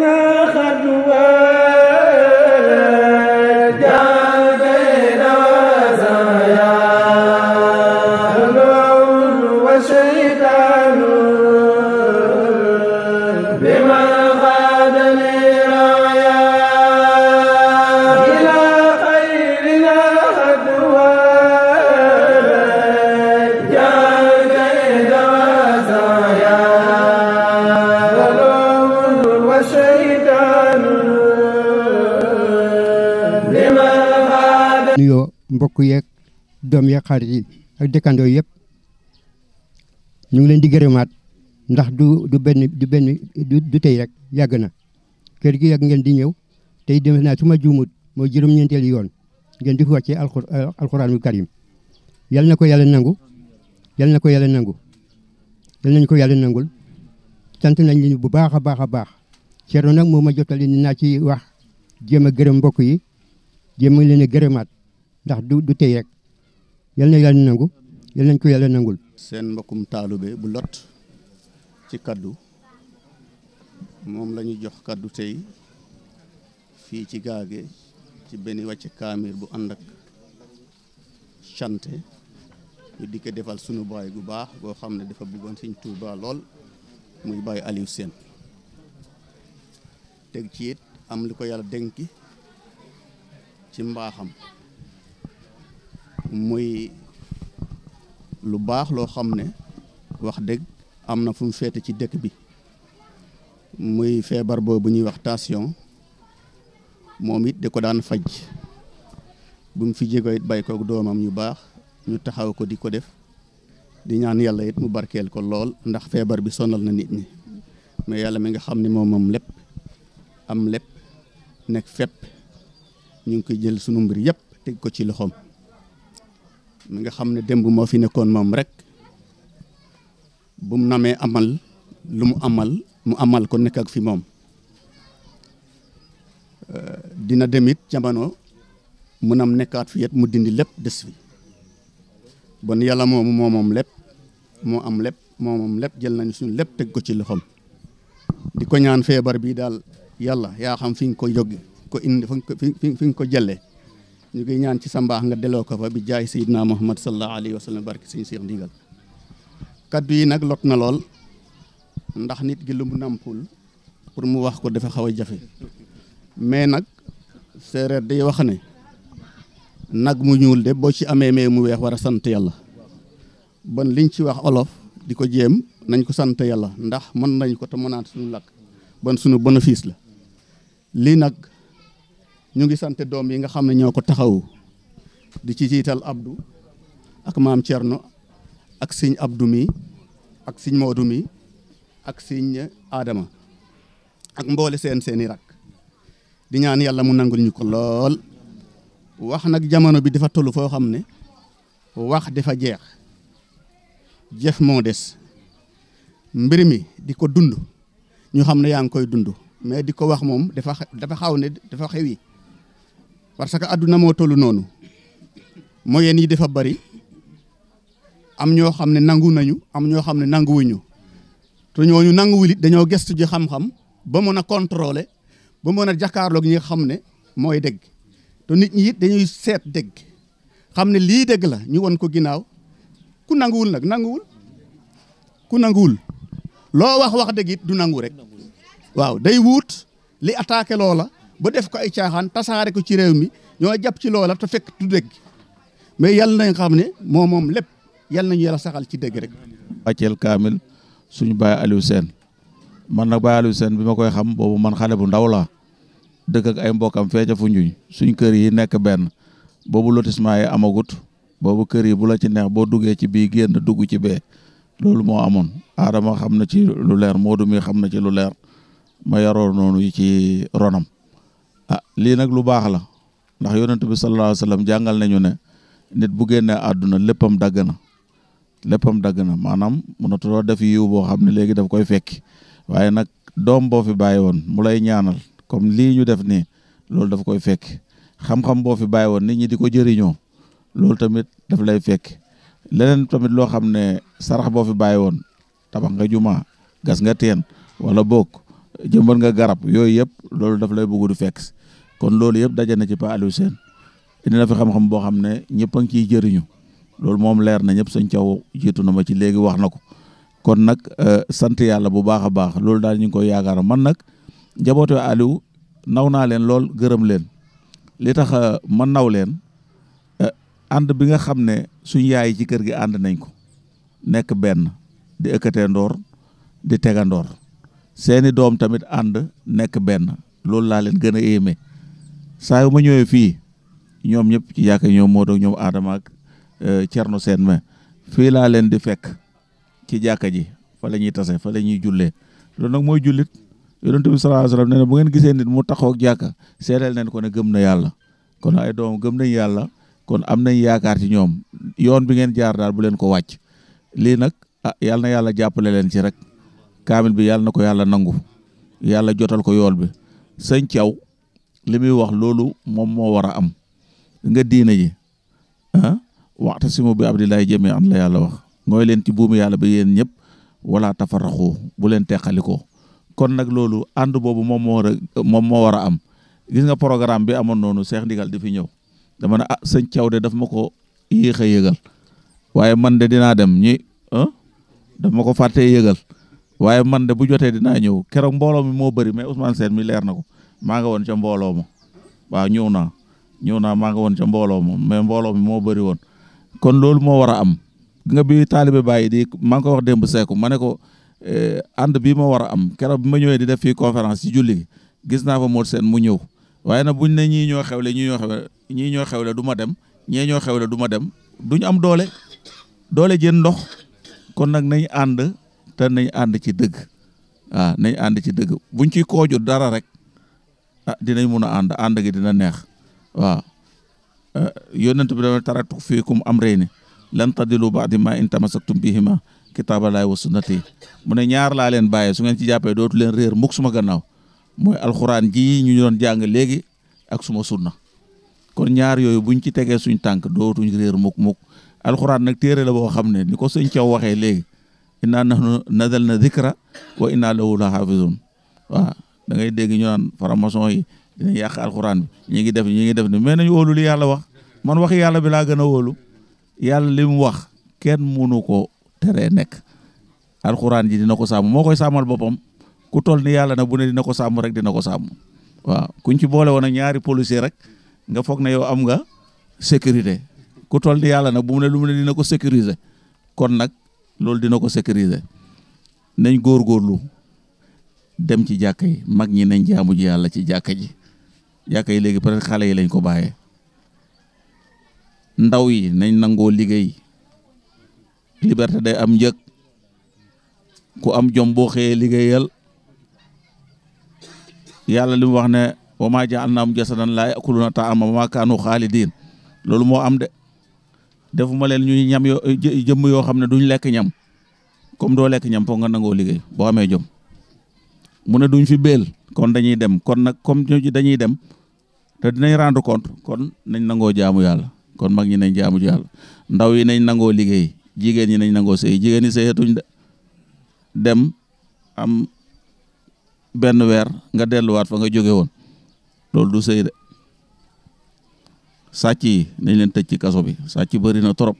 na ku yeeg doom yeeg xarit yi ak dëkkandoo yëpp ñu ngi leen di gërëmaat ndax du du benn du benn du tey rek yàgg na kër gi yàgg ngeen di ñëw tey dem naa su ma juumut mooy juróom-ñeenteelu yoon ngeen di ko wàccee alxuraanul karim yal na ko yàlla nangu yal na ko yàlla nangu yal nañ ko yàlla nangul sant nañ leen bu baax a baax a baax Thierno nag moo ma jottali ni naa ci wax jéem a gërëm mbokk yi jéem a leen a gërëmaat ndax du du tey rek yal na yàlla nangu yal nañ ko yàlla nangul. seen mbokkum taalube bu lot ci kaddu moom la jox kaddu tey fii ci gaage ci benn wàcc kaamir bu ànd ak cante ñu di ko defal sunu baay gu baax boo xam ne dafa bëggoon Sëñ Tuubaa lool muy Baay Aliou seen teg ci it am lu ko yàlla dénki ci mbaaxam. muy lu baax loo xam ne wax dëgg am na fu mu féete ci dëkk bi muy feebar boobu ñuy wax tension moom it di ko daan faj bu mu fi jégo it bàyyi ko doomam ñu baax ñu taxaw ko di ko def di ñaan yàlla it mu barkeel ko lool ndax feebar bi sonal na nit ñi mais yàlla mi nga xam ni moom moom lépp am lépp nekk fépp ñu ngi koy jël sunu mbir yëpp teg ko ci loxoom. mi nga xam ne démb moo fi nekkoon moom rek bu mu namee amal lu mu amal mu amal ko nekk ak fi moom euh, dina demit jamono mu nam nekkaat fi yet mu dindi lépp des fi bon yàlla moomu moo moom lépp moo am lépp moo lépp jël nañ suñu lépp teg ko ci loxoom di ko ñaan feebar bii daal yàlla yaa xam fi nga ko yógge ko indi fi nga ko fi nga ko jëlee ñu ngi ñaan ci sa mbaax nga delloo ko fa bi jaay sayidna muhammad sallallahu alayhi wa sallam barke suñu seex ndigal kaddu yi nag lot na lool ndax nit gi lu mu nampul pour mu wax ko dafa xaw a jafe mais nag séeréer day wax ne nag mu ñuul de boo ci amee mais mu weex war a sant yàlla ban liñ ci wax olof di ko jéem nañ ko sant yàlla ndax mën nañ ko te mënaat suñu lakk bon suñu bénéfice la lii nag ñu ngi sant doom yi nga xam ne ñoo ko taxawu di ci jiital Abdou ak maam Thierno ak sëñ Abdou mi ak sëñ Modou mi ak sëñ Adama ak mboole seen seeni rak di ñaan yàlla mu nangul ñu ko lool wax nag jamono bi dafa tollu foo xam ne wax dafa jeex jëf moo des mbir mi di ko dund ñu xam ne yaa ngi koy dund mais di ko wax moom dafa dafa xaw ne dafa xewi parce que àdduna moo toll noonu moyen yi dafa bari am ñoo xam ne nangu nañu am ñoo xam ne nanguwuñu te ñooñu nanguwul it dañoo gestu ji xam-xam ba mën a controle ba mën a jàkkaarloog ñi nga xam ne mooy dégg te nit ñi it dañuy seet dégg xam ne lii dégg la ñu won ko ginnaaw ku nanguwul nag nanguwul ku nanguwul loo wax wax dëgg it du nangu rek waaw day wuut li attaqué loola bu def ko ay caaxaan tasaare ko ci réew mi ñoo jàpp ci loola te fekk du dëgg mais yàlla nañ xam ne moom moom lépp yàlla nañu yàlla saxal ci dëgg rek. wàcceel kaamil suñu baay Aliou Sène man na baay Aliou Sène bi ma koy xam boobu man xale bu ndaw laa dëkk ak ay mbokkam fee fu Foundiougne suñ kër yi nekk benn boobu lotissement yi amagut boobu kër yi bu la ci neex boo duggee ci bii génn dugg ci bee loolu moo amoon Adama xam na ci lu leer Modou mi xam na ci lu leer ma yaroo noonu yi ci ronam. ah lii nag lu baax la ndax yonent bi sallallahu jàngal nañu ne nit bu génnee àdduna léppam dagg na léppam dagg na maanaam mënatuloo def yiw boo xam ne léegi daf koy fekki waaye nag doom boo fi bàyyi woon mu lay ñaanal comme lii ñu def nii loolu daf koy fekk xam-xam boo fi bàyyi woon nit ñi di ko jëriñoo loolu tamit daf lay fekk leneen tamit loo xam ne sarax boo fi bàyyi woon tabax nga jumaa gas nga teen wala boog jëmbat nga garab yooyu yëpp loolu daf lay bëgg du fekk kon loolu yëpp daje na ci Pa seen Sène indi na fi xam-xam boo xam ne ñëpp a ngi ciy jëriñu loolu moom leer na ñëpp sëñ Thiaw jiitu na ma ci léegi wax na ko kon nag euh, sant yàlla bu baax a baax loolu daal ñu ngi koy yaakaar man nag njabootu Aliou naw naa leen lool gërëm leen li tax euh, man naw leen euh, ànd bi nga xam ne suñ yaay ci kër gi ànd nañ ko nekk benn di ëkkatee ndoor di tegandoor seeni doom tamit ànd nekk benn loolu laa leen gën a yéeme saa yu ma ñëwee fii ñoom ñëpp ci yàkk ñoom moo doog ñoom Adama ak euh, Thierno ma fii laa leen di fekk ci jàkka ji fa la ñuy tase fa la ñuy jullee loolu nag mooy jullit yonent bi sallallahu alayhi wasallam bu ngeen gisee nit mu taxaw ak jàkka seedeel nañ ko ne gëm na yàlla kon ay doom gëm nañ yàlla kon am nañ yaakaar ci ñoom yoon bi ngeen jaar daal bu leen ko wàcc lii nag ah yàlla na yàlla jàppale leen ci rek kaamil bi yàlla na ko yàlla nangu yàlla jotal ko yool bi sëñ Thiaw li muy wax loolu moom moo war a am nga diina ji si ah, waxtasimu bi abdillahi jami am la yàlla wax mooy leen ci buumu yàlla bi yéen ñëpp wala tafaraxu bu leen teqalikoo kon nag loolu ànd boobu moom moo war a am gis nga programme bi amoon noonu seex Ndigal di fi ñëw dama ne ah sëñ Thiaw de daf ma ko yéex a yëgal waaye man de dinaa dem ñi ah ma ko fàttee yëgal waaye man de bu jotee dinaa ñëw keroog mbooloo mi moo bëri mais Ousmane Sène mi leer na ko maa nga woon ca mbooloo ma waaw ñëw naa ñëw naa maa nga woon ca mbooloo ma mais mbooloo mi moo bëri woon kon loolu moo war a am nga bi taalibe bàyyi di maa ngi ko wax démb seeku ma ne ko eh, ànd bii ma war a am keroog bi ma ñëwee di def fii conférence ci julli gis naa fa Modou Sène mu ñëw waaye nag buñ ne ñii ñoo xewle ñii ñoo xewle ñii ñoo xewle du ma dem ñee ñoo xewle du ma dem duñ am doole doole jën ndox kon nag nañ ànd te nañ ànd ci dëgg waaw nañ ànd ci dëgg buñ ci kooju dara rek ah dinañ mun a ànd ànd gi dina neex waaw eh, yonent bi dama taratu fiikum amrayni lan tadilu ba'di ma in tamassaktum bihima kitaaballahi wa sunnati mu ne ñaar laa leen bàyyee su ngeen ci jàppee dootu leen réer mukk suma gannaaw mooy alxuraan ji ñu doon jàng léegi ak suma sunna kon ñaari yooyu buñ ci tegee suñ tànk dootuñ réer mukk mukk alxuraan nag téere la woo xam ne ni ko sëñ Thiaw waxee léegi inna nahnu na zikra wa inna lahu la xaafizun waaw da ngay dégg ñu naan franc yi dinañ yàq alxuraan bi ñu ngi def ñu ngi def ni mais nañ wóolu li yàlla wax man wax yàlla bi gën a wóolu yàlla li mu wax kenn munu ko teree nekk alxuraan ji dina ko sàmm moo koy sàmmal boppam ku toll ni yàlla na bu ne dina ko sàmm rek dina ko sàmm waaw kuñ ci boole woon ñaari policier rek nga foog ne yow am nga sécurité ku toll ni yàlla nag bu lu mu dina ko sécuriser loolu dina ko sécuriser nañ góor góorlu dem ci jàkka yi mag ñi nañ jaamu ji yàlla ci jàkka ji jàkka yi léegi peut-être xale yi lañ ko bàyyee ndaw yi nañ nangoo liggéey liberté day am njëg ku am jom boo xëyee liggéeyal yàlla li mu wax ne wa maa ja'alnaahum jasadan laa ya'kuluuna ta'aama wa maa kaanu xaalidiin loolu moo am de defuma leen ñuy ñam yoo eh, jëmm yoo xam ne duñ lekk ñam comme doo lekk ñam foog nga nangoo liggéey boo amee jom mu ne duñ fi béel kon dañuy dem kon nag comme dañuy dem te dinañ rendre compte kon nañ nangoo jaamu yàlla kon mag ñi nañ jaamu yàlla ndaw yi nañ nangoo liggéey jigéen ñi nañ nangoo sëy jigéen ñi sëyatuñ de dem am benn weer nga delluwaat fa nga jóge woon loolu du sëy de sàcc yi nañ leen tëj ci kaso bi sàcc bëri na trop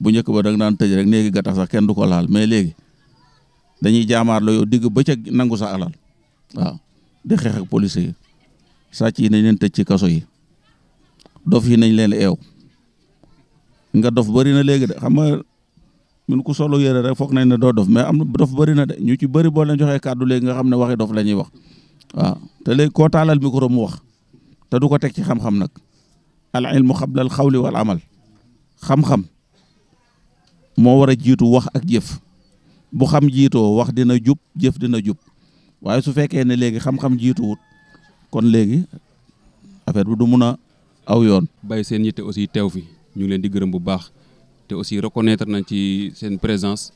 bu njëkk ba da nga daan tëj rek néegi gattax sax kenn du ko laal mais léegi dañuy jaamaar la yow digg bëccëg nangu sa alal di xeex ak police yi sàcc yi nañ leen tëj ci kaso yi dof yi nañ leen eew nga dof bëri na léegi de xam nga ñun ku solo yére rek foog nañ ne doo dof mais am na dof bëri na de ñu ci bëri boo leen joxee kàddu nga xam ne waxi dof la ñuy wax waaw te léegi koo taalal micro mu wax te du ko teg ci xam-xam nag al ilmu xabla al xawli wal amal xam-xam moo war a jiitu wax ak jëf bu xam jiitoo wax dina jub jëf dina jub waaye su fekkee ne léegi xam-xam jiituwut kon léegi affaire bi du mun a aw yoon bàyyi seen yitte aussi teew fi ñu ngi leen di gërëm bu baax te aussi reconnaître nañ ci seen présence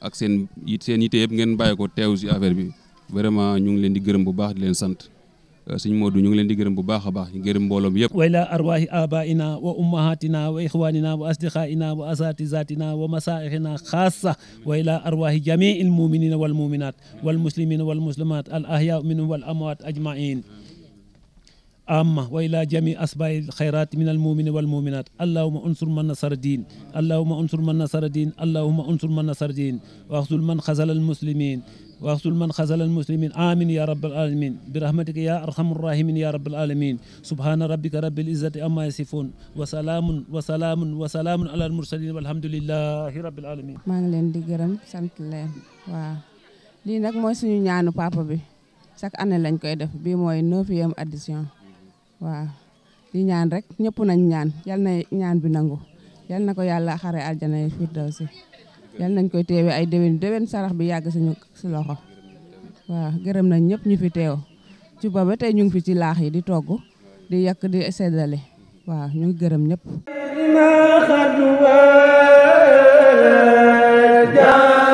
ak seen it seen yitte yëpp ngeen bàyyi ko teew si affaire bi vraiment ñu ngi leen di gërëm bu baax di leen sant سيني مودو نيغي لين دي گيرم بو باخا باخ ني گيرم مبولم ييب ويلا ارواح ابائنا وامهاتنا واخواننا واصدقائنا واساتذتنا ومصائحنا خاصه ويلا ارواح جميع المؤمنين والمؤمنات والمسلمين والمسلمات الاحياء منهم والاموات اجمعين أما وإلى جميع أصباء الخيرات من المؤمن والمؤمنات اللهم أنصر من نصر الدين اللهم أنصر من نصر الدين اللهم أنصر من نصر الدين واخذل من خزل المسلمين واغسل من خذل المسلمين آمين يا رب العالمين برحمتك يا أرحم الراحمين يا رب العالمين سبحان ربك رب العزة أما يصفون وسلام وسلام وسلام على المرسلين والحمد لله رب العالمين maa ngi leen di gërëm sant leen waaw lii nag mooy suñu ñaanu papa bi chaque année lañ koy def bii mooy neuvième édition waaw di ñaan rek ñëpp nañ ñaan yal na ñaan bi nangu yal na ko yàlla xare aljana yi firdawsi yal nañ koy teewee ay déwén déwén sarax bi yàgg suñu si loxo waaw gërëm nañ ñëpp ñu fi teew ci ba ba tey ñu ngi fi ci laax yi di togg di yàkk di seddale waaw ñu ngi gërëm ñëpp